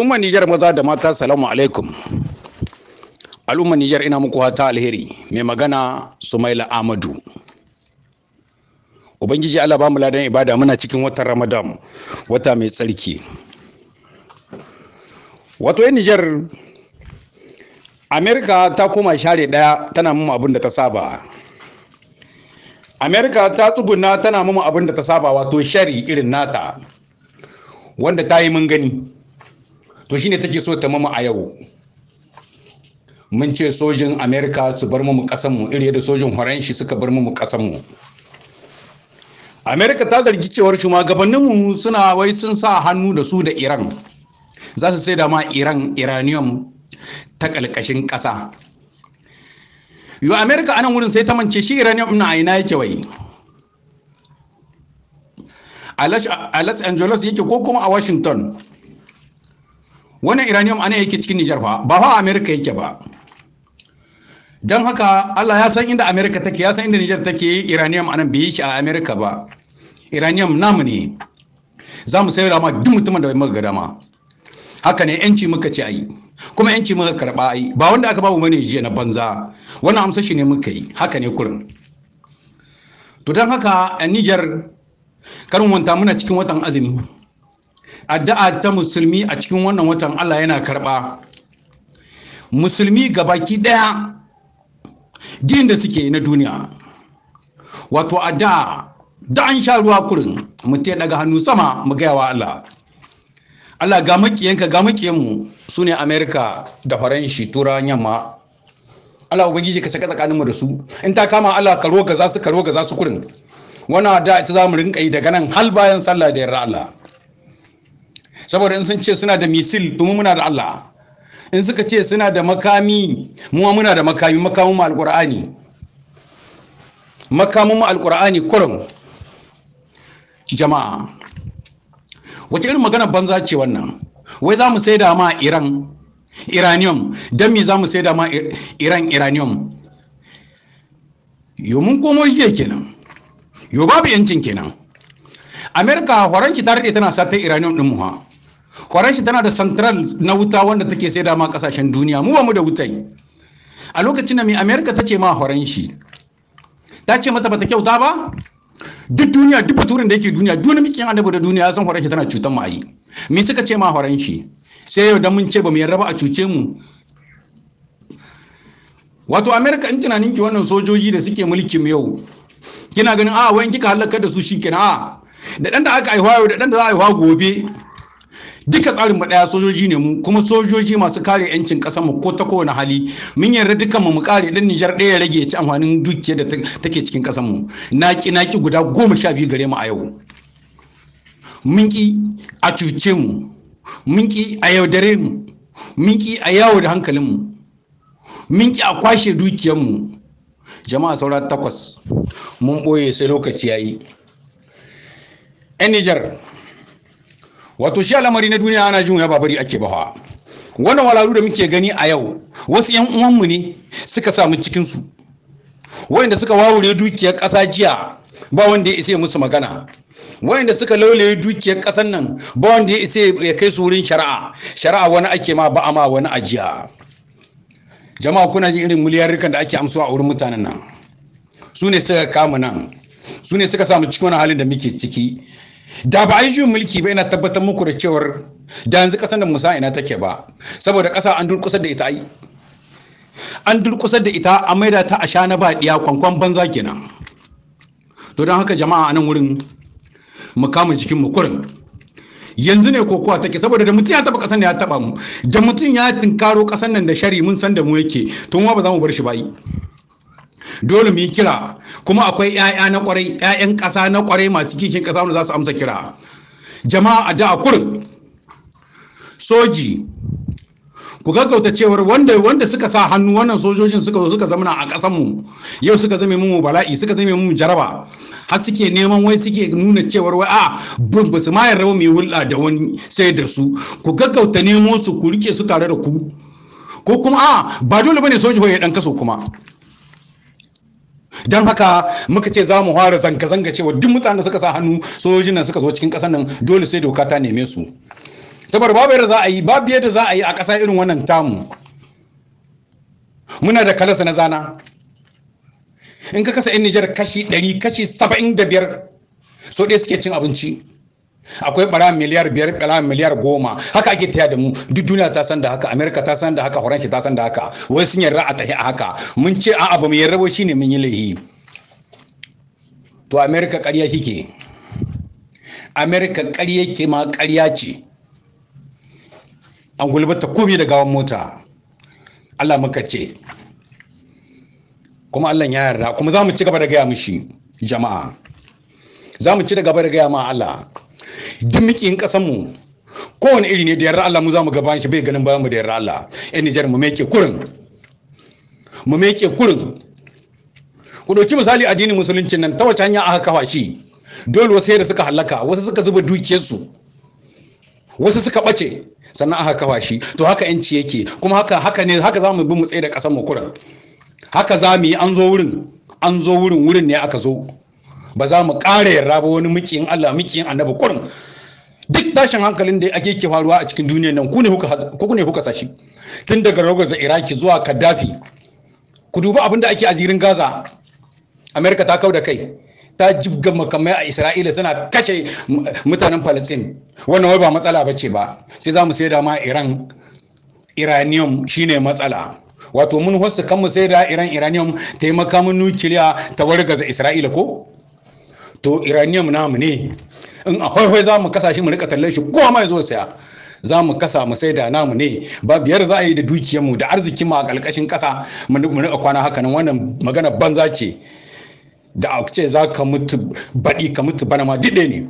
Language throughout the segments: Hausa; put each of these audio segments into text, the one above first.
al'ummar Nijar maza da mata salamu alaikum al'ummar Nijar ina muku hata alheri mai magana Sumaila Amadu Ubangiji Allah ba mu ladan ibada muna cikin watan Ramadan wata mai tsarki wato yin Nijar Amerika ta koma share daya tana mu abin da ta saba Amerika ta tsuguna tana mu abin da ta saba wato shari irin nata wanda ta yi mun gani to shine take so ta mamu a yau mun ce sojin amerika su bar mu kasan mu iri da sojin faranshi suka bar mu kasan mu amerika ta zargi cewar shugabannin mu suna wai sun sa hannu da su da iran za su sai da ma iran iranium ta kalkashin kasa yo amerika anan wurin sai ta mance shi iranium na aina yake wai a los angeles yake ko kuma a washington wannan iranium ana yake cikin nijar fa ba fa amerika yake ba Dan haka allah ya san inda amerika take ya san inda nijar take iranium anan bai yi a amerika ba iranium namu ne za mu sayar ma duk mutumin da muka gada dama haka ne yanci muka ce ayi kuma yanci muka karba yi. ba wanda aka babu mana jiya na banza wannan amsa shi ne muka yi haka ne kurin to dan haka a nijar karin wanta muna cikin watan azumi addu'a ta musulmi a cikin wannan watan Allah yana karɓa musulmi gabaki ɗaya din da suke na duniya wato addu'a da an sha ruwa kurin mutum daga hannu sama mu gaya wa Allah Allah ga makiyanka ga makiyanmu su ne Amerika da Faranshi Tura, yamma Allah ubangiji ka saka tsakaninmu da su in ta kama Allah karo ga za su karo ga za su kurin wannan da ita za mu rinka yi daga nan hal bayan sallah da yarra Allah saboda in sun ce suna da misil to mu muna da Allah in suka ce suna da makami mu muna da makami makamun mu alqur'ani makamun mu alqur'ani kurum jama'a wace irin magana banza ce wannan wai za mu da ma Iran Iranium dan me za mu da ma Iran Iranium yo mun komo jiya kenan yo babu yancin kenan amerika horon ki tare tana satan iranium din mu ha Kwarashi tana da central na wuta wanda take sai dama kasashen duniya mu ba mu da wutai a lokacin da mai america ta ce ma Horanshi ta ce mata bata kyauta ba duk duniya duk faturin da yake duniya duk wani mikin annabi da duniya ya san Horanshi tana cutar mu ayi me suka ce ma Horanshi sai yau da mun ce ba mu yarda ba a cuce mu wato america in tunanin ki wannan sojoji da suke mulkin yau kina ganin a ah, wayan kika halaka da su shikenan a ah, da dan da aka aiwa da dan da za a aiwa gobe duka tsarin mu daya sojoji ne mu kuma sojoji masu kare yancin kasar mu ko ta kowane hali mun yarda dukan mu mu kare dan Nijar ɗaya rage ci amfanin dukiyar da take cikin kasar mu naki naki guda goma sha biyu gare mu a yau mun ki a cuce mu mun ki a yaudare mu mun ki a yawo da hankalin mu mun ki a kwashe dukiyar mu jama'a saura takwas mun ɓoye sai lokaci yayi yan Nijar wato shi al'amari na duniya ana jin ya babari ake bawa wannan walalu da muke gani a yau wasu yan mu ne suka samu cikin su wayanda suka wawure dukiyar ƙasa jiya ba wanda ya isa musu magana wanda suka laulaye dukiyar ƙasar nan ba wanda ya isa ya kai su wurin shari'a shari'a wani ake ma ba ma wani ajiya jama'a kuna jin irin miliyarrukan da ake amsuwa a wurin mutanen nan su ne suka kama nan su ne suka samu cikin wani halin da muke ciki da ba a yi mulki ba yana tabbatar muku da cewar da yanzu kasar da musa ina take ba saboda kasa an durkusa da ita ai an durkusa da ita a maida ta a sha na baɗiya kwankwan banza kenan to don haka jama'a a nan wurin mu kama jikin mu kurin yanzu ne kokowa take saboda da mutum ya taba da ya taba mu da mutum ya tinkaro ƙasar nan da shari mun san da mu yake to mu ba za mu bar shi ba yi dole mu yi kira kuma akwai 'ya'ya na kwarai 'ya'yan ƙasa na kwarai masu kishin ƙasa wanda za su amsa kira jama'a a da kurin soji ku gaggauta cewar wanda wanda suka sa hannu wannan sojojin suka zo suka zamana a ƙasar mu yau suka zame mu bala'i suka zame mu jaraba har suke neman wai suke nuna cewar wai ah, a bin ba su ma yarda mu hulɗa da wani sai da su ku gaggauta nemo su ku rike su tare da ku ko kuma a ah, ba dole bane soji ya dan kaso kuma don haka muka ce za mu fara zanga-zanga cewa duk mutanen da suka sa hannu sojojin nan suka zo cikin ƙasar nan dole sai doka ta neme su saboda babu yadda za a yi babu yadda za a yi a ƙasa irin wannan tamu muna da kalasa na zana in ka kasa 'yan nijar kashi 100 kashi 75 so ɗaya suke cin abinci akwai bara miliyar biyar bara miliyar goma haka ake taya da mu duk duniya ta san da haka amerika ta san da haka horanshi ta san da haka wai sun yarda a tahi a haka mun ce a abu mu yarda shi shine mun yi laihi to amerika ƙarya kike amerika ƙarya ke ma ƙarya ce an gulbata komi da gawan mota allah muka ce kuma allah ya yarda kuma za mu ci gaba da gaya mishi jama'a za mu ci gaba da gaya ma allah duk yin kasan mu kowane iri ne da yarda Allah mu za mu gaban shi bai ganin bayan mu da yarda Allah yan Nijar mu meke kurin mu meke kurin ku ɗauki misali addinin musulunci nan ta wace hanya aka kafa shi dole wasu da suka halaka wasu suka zuba dukiyarsu wasu suka ɓace sannan aka kafa shi to haka yanci yake kuma haka haka ne haka za mu bi mu tsaye da kasan mu kurin haka za mu yi an zo wurin an zo wurin wurin ne aka zo ba za mu ƙara yarda ba wani mukiyin Allah mukiyin annabi kurin duk tashin hankalin da ake ke faruwa a cikin duniyar nan ku ne kuka sashi tun daga rogaza iraki zuwa kaddafi ku duba abin da ake a zirin gaza amerika ta kau da kai ta jibga makamai a isra'ila suna kashe mutanen palestine wannan wai ba matsala ba ce ba sai za mu sai da ma iran iranium shine matsala wato mun hosu kan mu sai da iran iranium taimaka mun nukiliya ta wargaza isra'ila ko to na namu ne in a hwai za mu kasa shi mu rika tallan shi goma mai zo saya za mu kasa mu sai da namu ne ba biyar za a yi da mu da arziki mu a ƙalƙashin ƙasa mu rika kwana haka nan wannan magana banza ce da a ce za ka mutu baɗi ka mutu bana ma dide ne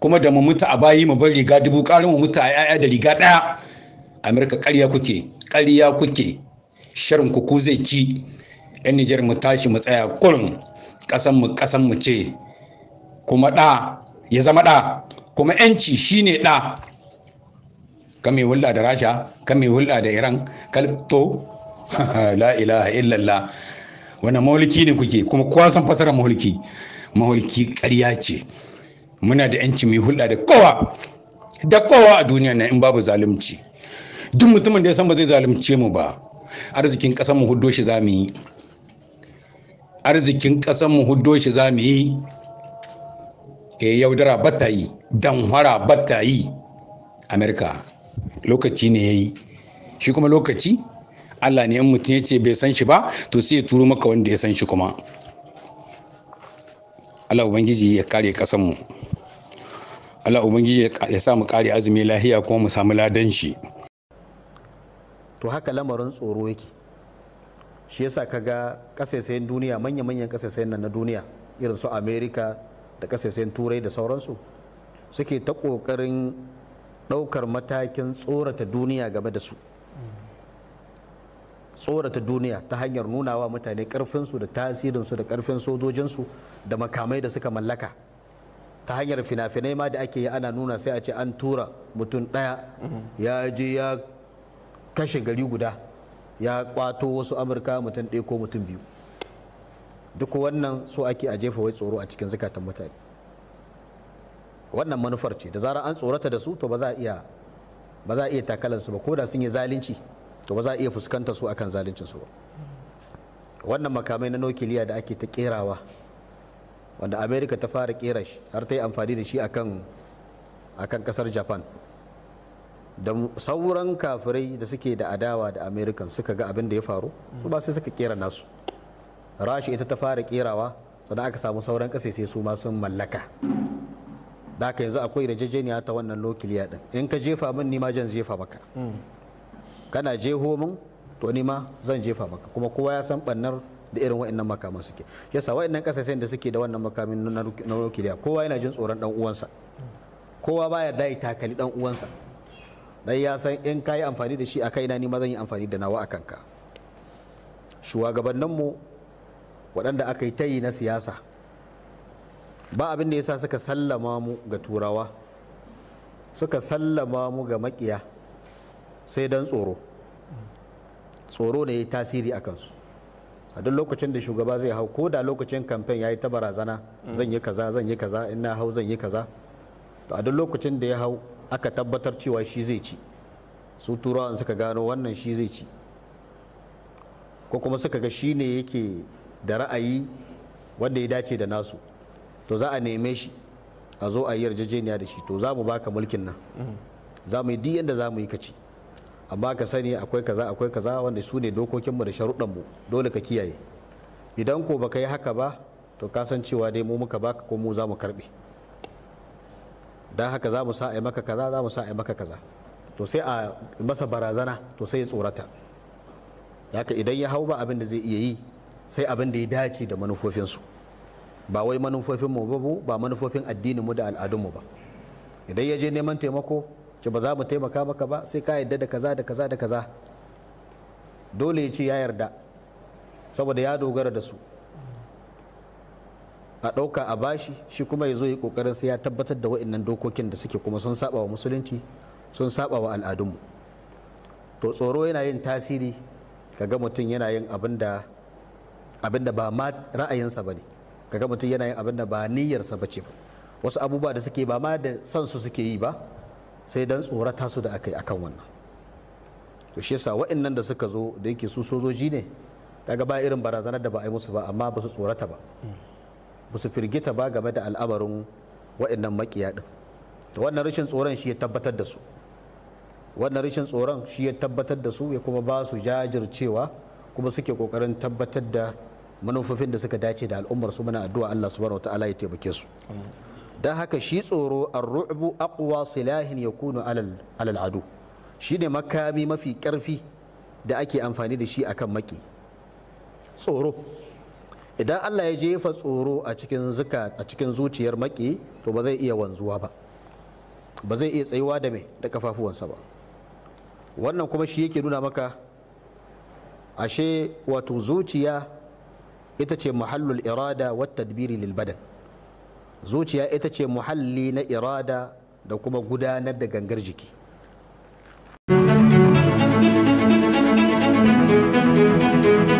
kuma da mu mutu a bayi mu bar riga dubu ƙarin mu mutu a 'ya'ya da riga ɗaya amurka ƙarya kuke ƙarya kuke sharin ku zai ci yan nijar mu tashi mu tsaya kurin ƙasan mu ƙasan mu ce kuma ɗa ya zama ɗa kuma yanci shine ɗa ka mai hulɗa da rasha ka mai hulɗa da iran kalto la ilaha illallah Wani mauliki ne kuke kuma kowa san fasara mauliki mauliki ƙarya ce muna da yanci mai hulɗa da kowa da kowa a duniya na in babu zalunci duk mutumin da ya san ba zai zalunce mu ba arzikin ƙasar mu huddo shi za mu yi arzikin ƙasar mu huddo shi za mu yi e yaudara bata yi danhwara bata ta yi amerika lokaci ne ya yi shi kuma lokaci allah ne yan mutum ya ce bai san shi ba to sai ya turo maka wanda ya san shi kuma allah ubangiji ya kare kasanmu allah ubangiji ya sa mu kare azumi lahiya kuma mu samu ladan shi to haka lamarin tsoro yake shi yasa kaga kasaisayen duniya manya-manyan kasaisayen nan na duniya irin su america da kasashen turai da sauransu suke ta ƙoƙarin ɗaukar matakin tsorata duniya game da su tsorata duniya ta hanyar nunawa mutane ƙarfinsu da tasirinsu da karfin sojojinsu da makamai da suka mallaka ta hanyar fina-finai ma da ake yi ana nuna sai a ce an tura mutum ɗaya ya je ya kashe gari guda ya kwato wasu amurka mutum ɗaya ko mutum biyu duk wannan so ake a jefa wai tsoro a cikin zukatan mutane wannan manufar ce da zarar an tsorata da su to ba za a iya ba za iya takalan su ba ko da sun yi zalunci to ba za a iya fuskanta su akan zaluncin su ba wannan makamai na nukiliya da ake ta kerawa wanda america ta fara kera shi har ta yi amfani da shi akan akan kasar japan da sauran kafirai da suke da adawa da american suka ga abin da ya faru su ba sai suka kera nasu rashi ita ta fara kerawa sannan aka samu sauran ƙasa sai su ma sun mallaka da yanzu akwai yarjejeniya ta wannan nukiliya din in ka jefa min nima jan jefa maka kana jeho min to nima ma zan jefa maka kuma kowa ya san bannar da irin wa'annan makaman suke shi yasa wa'annan kasashe da suke da wannan makamin na nukiliya kowa yana jin tsoron dan uwansa kowa baya dai takali dan uwansa dan ya san in kai amfani da shi a kaina nima zan yi amfani da nawa akan ka shugabanninmu waɗanda aka yi tayi na siyasa ba abin da ya sa suka sallama mu ga turawa suka sallama mu ga makiya sai don tsoro tsoro ne ya tasiri a kansu a duk lokacin da shugaba zai hau ko da lokacin kamfen ya yi ta barazana zan yi kaza zan yi kaza in na hau zan yi kaza to a duk lokacin da ya hau aka tabbatar cewa shi zai ci su turawan suka gano wannan shi zai ci ko kuma suka ga shi ne yake da ra'ayi wanda ya dace da nasu to za a neme shi a zo a yi yarjejeniya da shi to za mu baka mulkin nan za mu yi duk yadda za mu yi kaci amma ka sani akwai kaza akwai kaza wanda su ne dokokinmu da sharuɗanmu dole ka kiyaye idan ko baka yi haka ba to ka san cewa dai mu muka baka ko mu za mu karɓe don haka za mu sa a yi maka kaza za mu sa a yi maka kaza to sai a masa barazana to sai ya tsorata haka idan ya hau ba abin da zai iya yi sai abin da ya dace da manufofinsu ba wai manufofin mu ba ba manufofin addinin mu da al'adun mu ba idan ya je neman taimako ce ba za mu taimaka maka ba sai ka yarda da kaza da kaza da kaza dole ya ce ya yarda saboda ya dogara da su a ɗauka a bashi shi kuma ya zo yi ƙoƙarin sai ya tabbatar da wa'annan dokokin da suke kuma sun saba wa musulunci sun saba wa al'adunmu to tsoro yana yin tasiri ga mutum yana yin abin da abinda ba ma ra'ayinsa ba ne kaga mutum yana yin abinda ba niyyarsa ba ce ba wasu abubuwa da suke ba ma da son su suke yi ba sai dan tsorata su da aka yi akan wannan to shi yasa wa'annan da suka zo da yake su sojoji ne kaga ba irin barazanar da ba a yi musu ba amma ba su tsorata ba ba su firgita ba game da al'amarin wa'annan makiya din to wannan rashin tsoron shi ya tabbatar da su wannan rashin tsoron shi ya tabbatar da su ya kuma ba su jajircewa kuma suke kokarin tabbatar da manufofin da suka dace da al'ummar su muna addu'a Allah subhanahu wataala ya taimake su dan haka shi tsoro ar-ru'bu aqwa silahin yakunu alal alal adu shi ne makami mafi karfi da ake amfani da shi akan maki tsoro idan Allah ya jefa tsoro a cikin zuka a cikin zuciyar maki to ba zai iya wanzuwa ba ba zai iya tsayuwa da mai da kafafuwansa ba wannan kuma shi yake nuna maka ashe wato zuciya ita ce muhallul irada wa tadbiri lil badan zuciya ita ce muhalli na irada da kuma gudanar da gangar jiki thank you